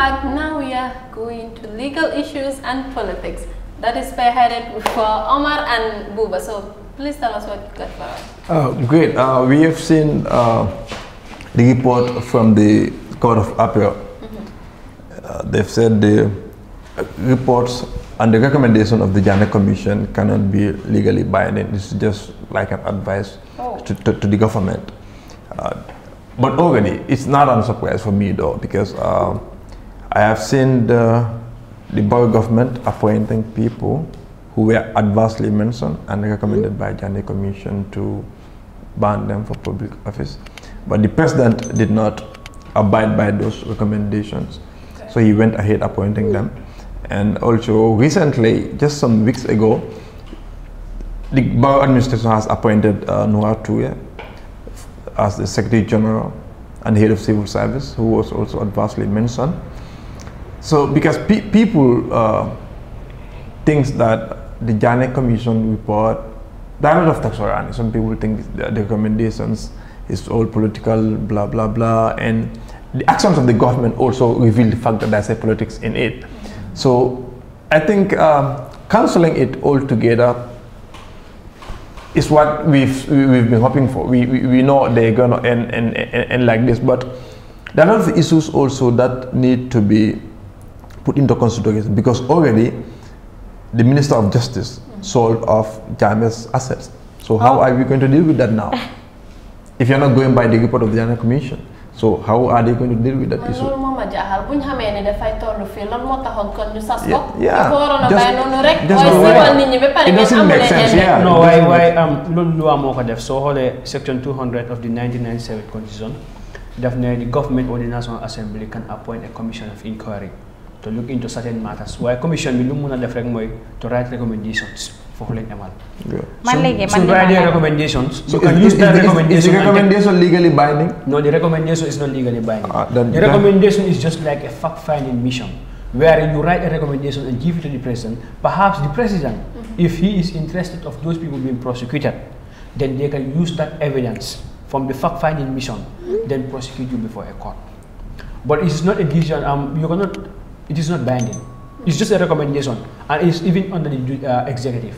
back. Now we are going to legal issues and politics. That is spearheaded for Omar and Buba. So please tell us what you got for us. Oh, great. Uh, we have seen uh, the report from the Court of Appeal. Mm-hmm. uh, they've said the reports and the recommendation of the Jana Commission cannot be legally binding. It's just like an advice oh. to, to, to, the government. Uh, but already, it's not a surprise for me though, because uh, I have seen the, the government appointing people who were adversely mentioned and recommended by Janney Commission to ban them for public office. But the president did not abide by those recommendations. So he went ahead appointing them. And also recently, just some weeks ago, the Borough administration has appointed uh, Noah Touye as the Secretary General and head of civil service, who was also adversely mentioned. So because pe people uh, thinks that the Janet Commission report, that a lot of tax around Some people think the recommendations is all political, blah blah blah, and the actions of the government also reveal the fact that there's a politics in it. So I think cancelling um, counseling it all together is what we've we've been hoping for. We we, we know they're gonna end, end, end, end like this, but there are a lot of issues also that need to be put into consideration because already the Minister of Justice sold off Jame's assets. So how oh. are we going to deal with that now? if you're not going by the report of the Jana Commission. So how are they going to deal with that issue? loolu moo ma jaaxal bu ñu xamee ne dafay toll fii lan moo taxoon kon ñu sas ko. yaa ko waroon a bàyyi noonu rek. mooy nit ñi ba pare ngeen amulee ñenn. non waaye waaye am loolu loi moo ko def soo xoolee section 200 of the 1997 constitution daf ne the government or the national assembly can appoint a commission of inquiry to look into certain matters Why commission bi lu mu mun a to write recommendations foofu lañ amal. man léegi man so write recommendations. so is the recommendation legally binding. no the recommendation is not legally binding. Ah, the recommendation is just like a fact finding mission. where you write a recommendation and give it to the president, perhaps the president, mm -hmm. if he is interested of those people being prosecuted, then they can use that evidence from the fact-finding mission, mm -hmm. then prosecute you before a court. But it's not a decision, um, you cannot it is not binding. It's just a recommendation, and it's even under the uh, executive.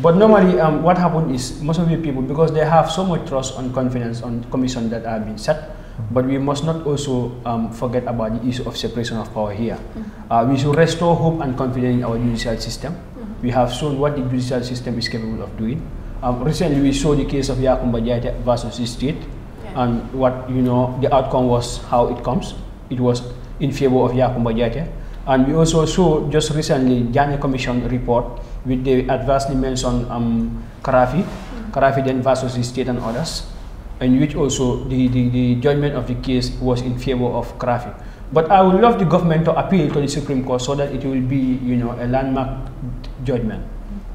But normally, um, what happens is most of the people, because they have so much trust and confidence on commission that are being set, but we must not also um, forget about the issue of separation of power here. Mm -hmm. uh, we should restore hope and confidence in our judicial system. Mm -hmm. We have shown what the judicial system is capable of doing. Um, recently, we saw the case of Yakumba Jaita versus the state, yeah. and what you know, the outcome was how it comes. It was in favor of Yakumba Jaita and we also saw just recently Janney Commission report with the adversely mentioned um, Karafi, Karafi then versus the state and others, in which also the, the, the judgment of the case was in favor of Karafi. But I would love the government to appeal to the Supreme Court so that it will be, you know, a landmark judgment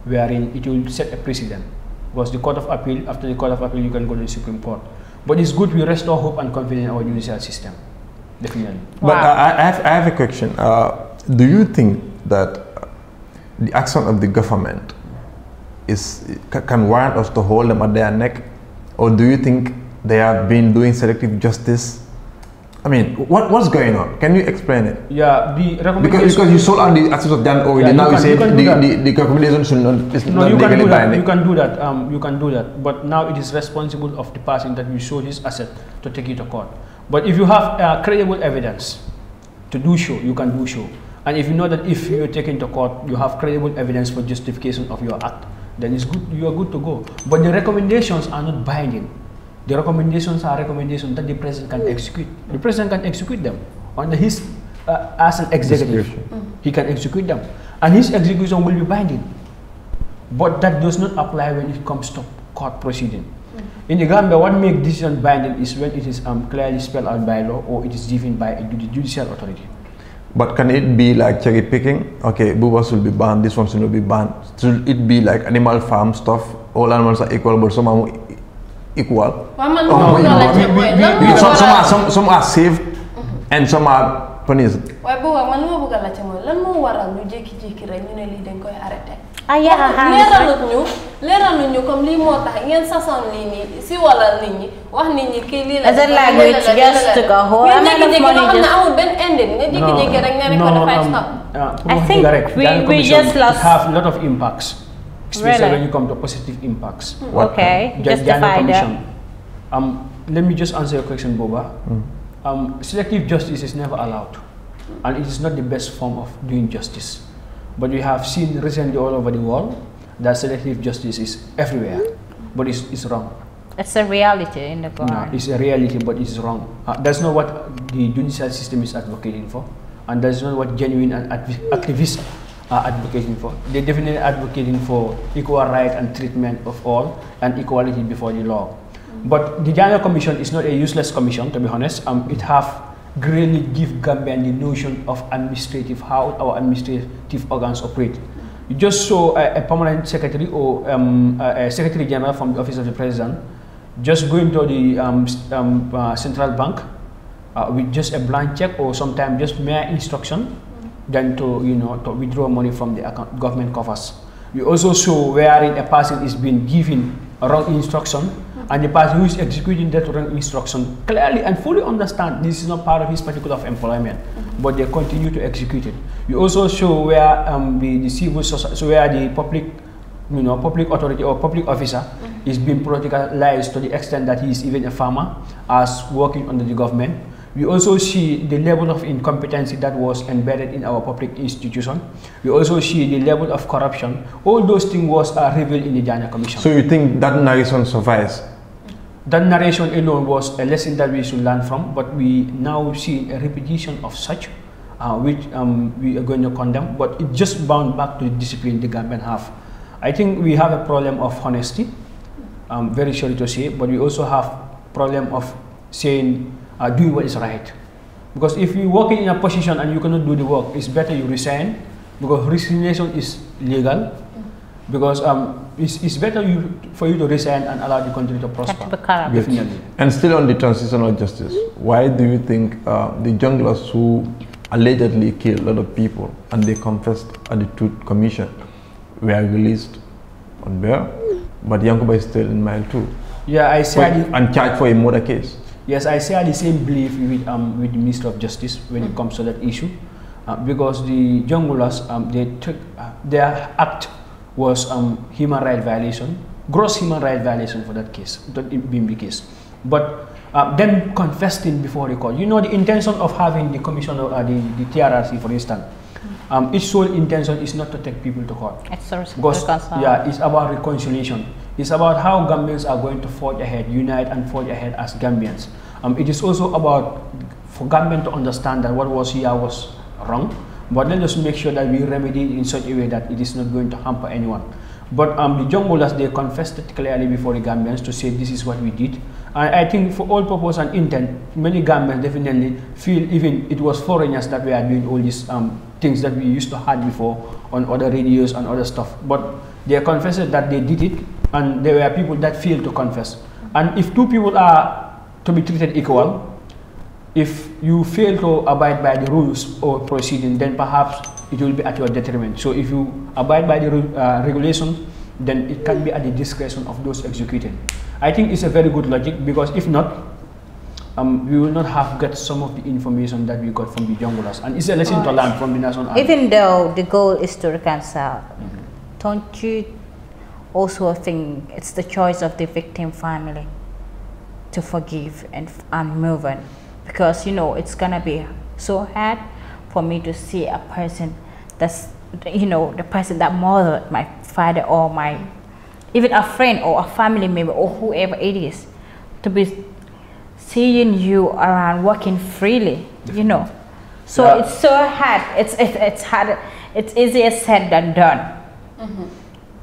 wherein it will set a precedent. Because the Court of Appeal, after the Court of Appeal, you can go to the Supreme Court. But it's good we restore hope and confidence in our judicial system. Definitely. Wow. But I, I, have, I, have, a question. Uh, do you think that the action of the government is can warrant us to hold them at their neck, or do you think they have been doing selective justice? I mean, what, what's going on? Can you explain it? Yeah, the because because you sold out the assets of Dan already. Yeah, now you, can, you say you the, the, the, recommendation should not is no, not you legally can do that. binding. You can do that. Um, you can do that. But now it is responsible of the person that you sold his asset to take it to court. But if you have uh, credible evidence to do so, you can do so. And if you know that if you're taken to court, you have credible evidence for justification of your act, then it's good, you are good to go. But the recommendations are not binding. The recommendations are recommendations that the president can execute. The president can execute them under his, uh, as an executive. Mm. He can execute them. And his execution will be binding. But that does not apply when it comes to court proceeding. In the Gambia, what makes decision binding is when it is um, clearly spelled out by law or it is given by a judicial authority. But can it be like cherry picking? Okay, boobas will be banned, this one will be banned. Should it be like animal farm stuff? All animals are equal, but some are equal. Oh, some are saved, mm-hmm. and some are. Panise waaye booba man li ma bëgg a laajte mooy lan moo waral ñu jékki-jékki rek ñu ne lii dañ koy arrêté. ah yaa xam ah, ah. leeralut ñu leeralut ñu comme lii moo tax ngeen sasoon lii nii si wala nit ñi wax nit ñi kii lii la. as a language just to go home. am na jékki-jékki loo xam ne amul benn ending nga jékki-jékki rek nga ne ko dafay um, stop. I think we we just lost have a lot of impacts. especially really? when you come to positive impacts. okay justify that. Um, let me just answer your question, Boba. Mm. um, selective justice is never allowed, and it is not the best form of doing justice. But we have seen recently all over the world that selective justice is everywhere, but it's, it's wrong. It's a reality in the world. No, it's a reality, but it's wrong. Uh, that's not what the judicial system is advocating for, and that's not what genuine activists are advocating for. They're definitely advocating for equal right and treatment of all and equality before the law. But the Ghana Commission is not a useless commission, to be honest. Um, it have greatly give Gambian the notion of administrative, how our administrative organs operate. You just saw a, a permanent secretary or um, a, secretary general from the office of the president just going to the um, um, uh, central bank uh, with just a blank check or sometimes just mere instruction than to you know to withdraw money from the account, government coffers. You also saw wherein a person is being given wrong instruction and the person who is executing that instruction clearly and fully understand this is not part of his particular employment, mm -hmm. but they continue to execute it. You also show where um, the, the, civil society, so where the public, you know, public authority or public officer mm -hmm. is being politicalized to the extent that he is even a farmer as working under the government. We also see the level of incompetency that was embedded in our public institution. We also see the level of corruption. All those things was uh, revealed in the Jana Commission. So you think that narration survives? that narration alone was a lesson that we should learn from, but we now see a repetition of such, uh, which um, we are going to condemn, but it just bound back to the discipline the government have. I think we have a problem of honesty, I'm very sorry to say, but we also have problem of saying, uh, do what is right. Because if you're working in a position and you cannot do the work, it's better you resign, because resignation is legal, because um, it's, it's better you, for you to resign and allow the country to prosper. Definitely. And still on the transitional justice, why do you think uh, the junglers who allegedly killed a lot of people and they confessed at the Truth Commission were released on bail, but Yankuba is still in mile two? Yeah, I said. and charged for a murder case. Yes, I share the same belief with, um, with the Minister of Justice when it comes to that issue. Uh, because the junglers, um, they, took, uh, act was um, human rights violation, gross human rights violation for that case, that being the case. But uh, then confessing before the court. You know the intention of having the commission uh, the, the TRRC, for instance, mm. um, its sole intention is not to take people to court. It's Yeah, it's about reconciliation. It's about how Gambians are going to forge ahead, unite and forge ahead as Gambians. Um, it is also about for Gambians to understand that what was here was wrong but let us make sure that we remedy it in such a way that it is not going to hamper anyone. But um, the Jongulas, they confessed it clearly before the Gambians to say this is what we did. And I think for all purpose and intent, many Gambians definitely feel even it was foreigners that we are doing all these um, things that we used to had before on other radios and other stuff. But they confessed that they did it and there were people that failed to confess. And if two people are to be treated equal, if you fail to abide by the rules or proceeding, then perhaps it will be at your detriment. So if you abide by the uh, regulation, then it can be at the discretion of those executed. I think it's a very good logic because if not, um, we will not have got some of the information that we got from the junglers. And it's a lesson to learn from the national army. Even though the goal is to reconcile, mm -hmm. don't you also think it's the choice of the victim family to forgive and, and move on? because you know it's gonna be so hard for me to see a person that's you know the person that mothered my father or my even a friend or a family member or whoever it is to be seeing you around working freely you know so yeah. it's so hard it's it, it's hard it's easier said than done mm -hmm.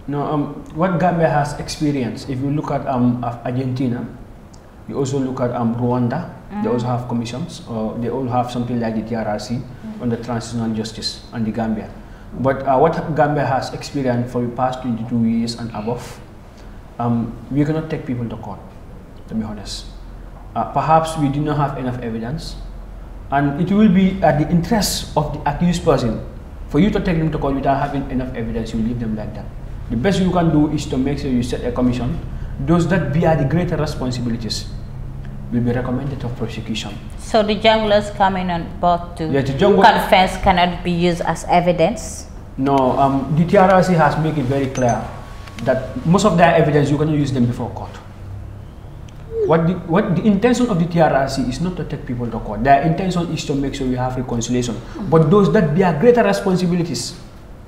no um what gambia has experienced if you look at um argentina you also look at um rwanda Mm. They also have commissions, or uh, they all have something like the TRRC mm. on the transitional justice in the Gambia. But uh, what Gambia has experienced for the past 22 years and above, um, we cannot take people to court, to be honest. Uh, perhaps we do not have enough evidence, and it will be at the interest of the accused person for you to take them to court without having enough evidence, you leave them like that. The best you can do is to make sure you set a commission. Those that bear the greater responsibilities will be recommended of prosecution. So the junglers coming on board to yeah, confess cannot be used as evidence? No, um, the TRRC has made it very clear that most of their evidence you cannot use them before court. What the, what the intention of the TRRC is not to take people to court. Their intention is to make sure we have reconciliation. But those that bear greater responsibilities,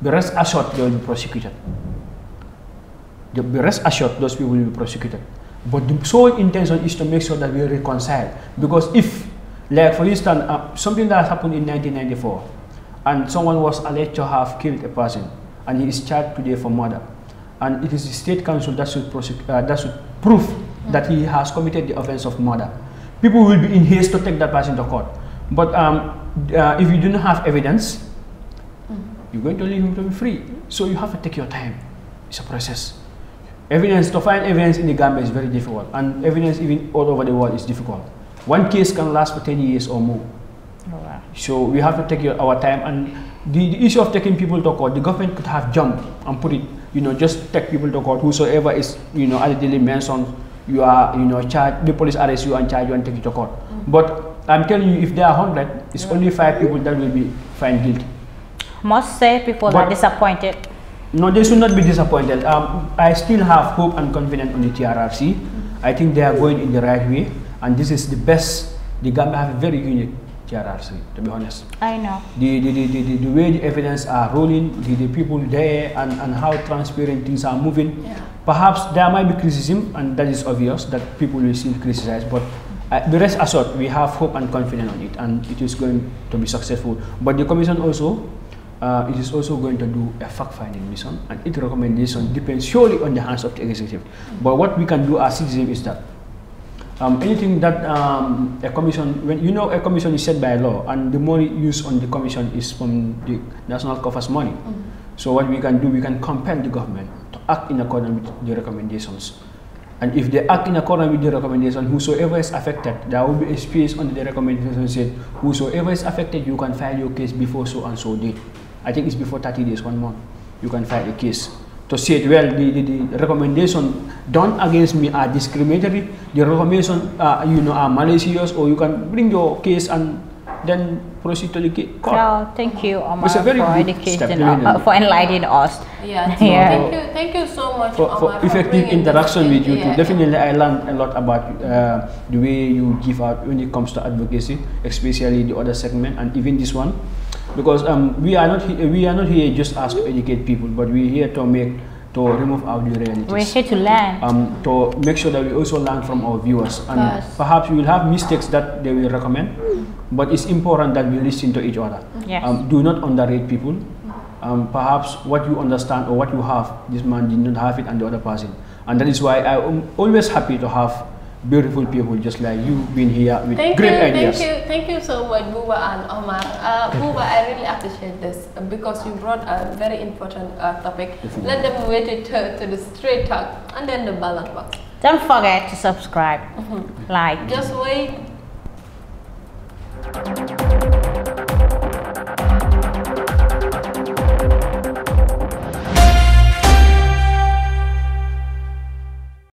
be rest assured they will be prosecuted. The be rest assured those people will be prosecuted. But the sole intention is to make sure that we reconcile. Because if, like for instance, uh, something that happened in 1994, and someone was alleged to have killed a person, and he is charged today for murder, and it is the state council that should, uh, that should prove that he has committed the offense of murder. People will be in haste to take that person to court. But um, uh, if you do not have evidence, mm. you're going to leave him to be free. So you have to take your time. It's a process. Evidence, to find evidence in the Gambia is very difficult, and evidence even all over the world is difficult. One case can last for 10 years or more. Oh, wow. So we have to take our time, and the, the, issue of taking people to court, the government could have jumped and put it, you know, just take people to court, whosoever is, you know, allegedly mentioned, you are, you know, charged, the police arrest you and charge you and take you to court. Mm -hmm. But I'm telling you, if there are 100, it's yeah. Mm. only five people that will be found guilty. Most say people but, are disappointed no, they should not be disappointed. Um, I still have hope and confidence on the TRRC. Mm -hmm. I think they are going in the right way, and this is the best. The Gambia have a very unique TRRC, to be honest. I know. The, the, the, the, the way the evidence are rolling, the, the people there, and, and how transparent things are moving. Yeah. Perhaps there might be criticism, and that is obvious that people will still criticize, but uh, the rest assured, we have hope and confidence on it, and it is going to be successful. But the Commission also uh, it is also going to do a fact-finding mission, and its recommendation depends solely on the hands of the executive. But what we can do as citizens is that um, anything that um, a commission, when you know a commission is set by law, and the money used on the commission is from the national coffers money. Mm -hmm. So what we can do, we can compel the government to act in accordance with the recommendations. And if they act in accordance with the recommendation, whosoever is affected, there will be a space under the recommendation said, whosoever is affected, you can file your case before so and so date. I think it's before 30 days, one month, you can file a case to say it well. The, the, the recommendation done against me are discriminatory. The recommendation, uh, you know, are malicious, or you can bring your case and then proceed to the court. thank you, Omar, for educating, uh, for enlightening us. Yeah, yeah. Thank, you, thank you so much, For, Omar, for effective interaction with you yeah, too. Definitely, I learned a lot about uh, the way you give out when it comes to advocacy, especially the other segment and even this one because um, we are not we are not here just ask to educate people, but we're here to make to remove our realities. We're here to learn. Um, to make sure that we also learn from our viewers, and perhaps we will have mistakes that they will recommend, hmm. but it's important that we listen to each other. Yes. Um, do not underrate people. Um, perhaps what you understand or what you have, this man did not have it, and the other person, and that is why I'm always happy to have beautiful people just like you been here with thank great you, ideas. Thank you, thank you so much, Buba and Omar. Uh, Buba, I really appreciate this because you brought a very important uh, topic. Definitely. Let them wait it to, to, the straight talk and then the ballot box. Don't forget to subscribe, mm -hmm. like. Just wait.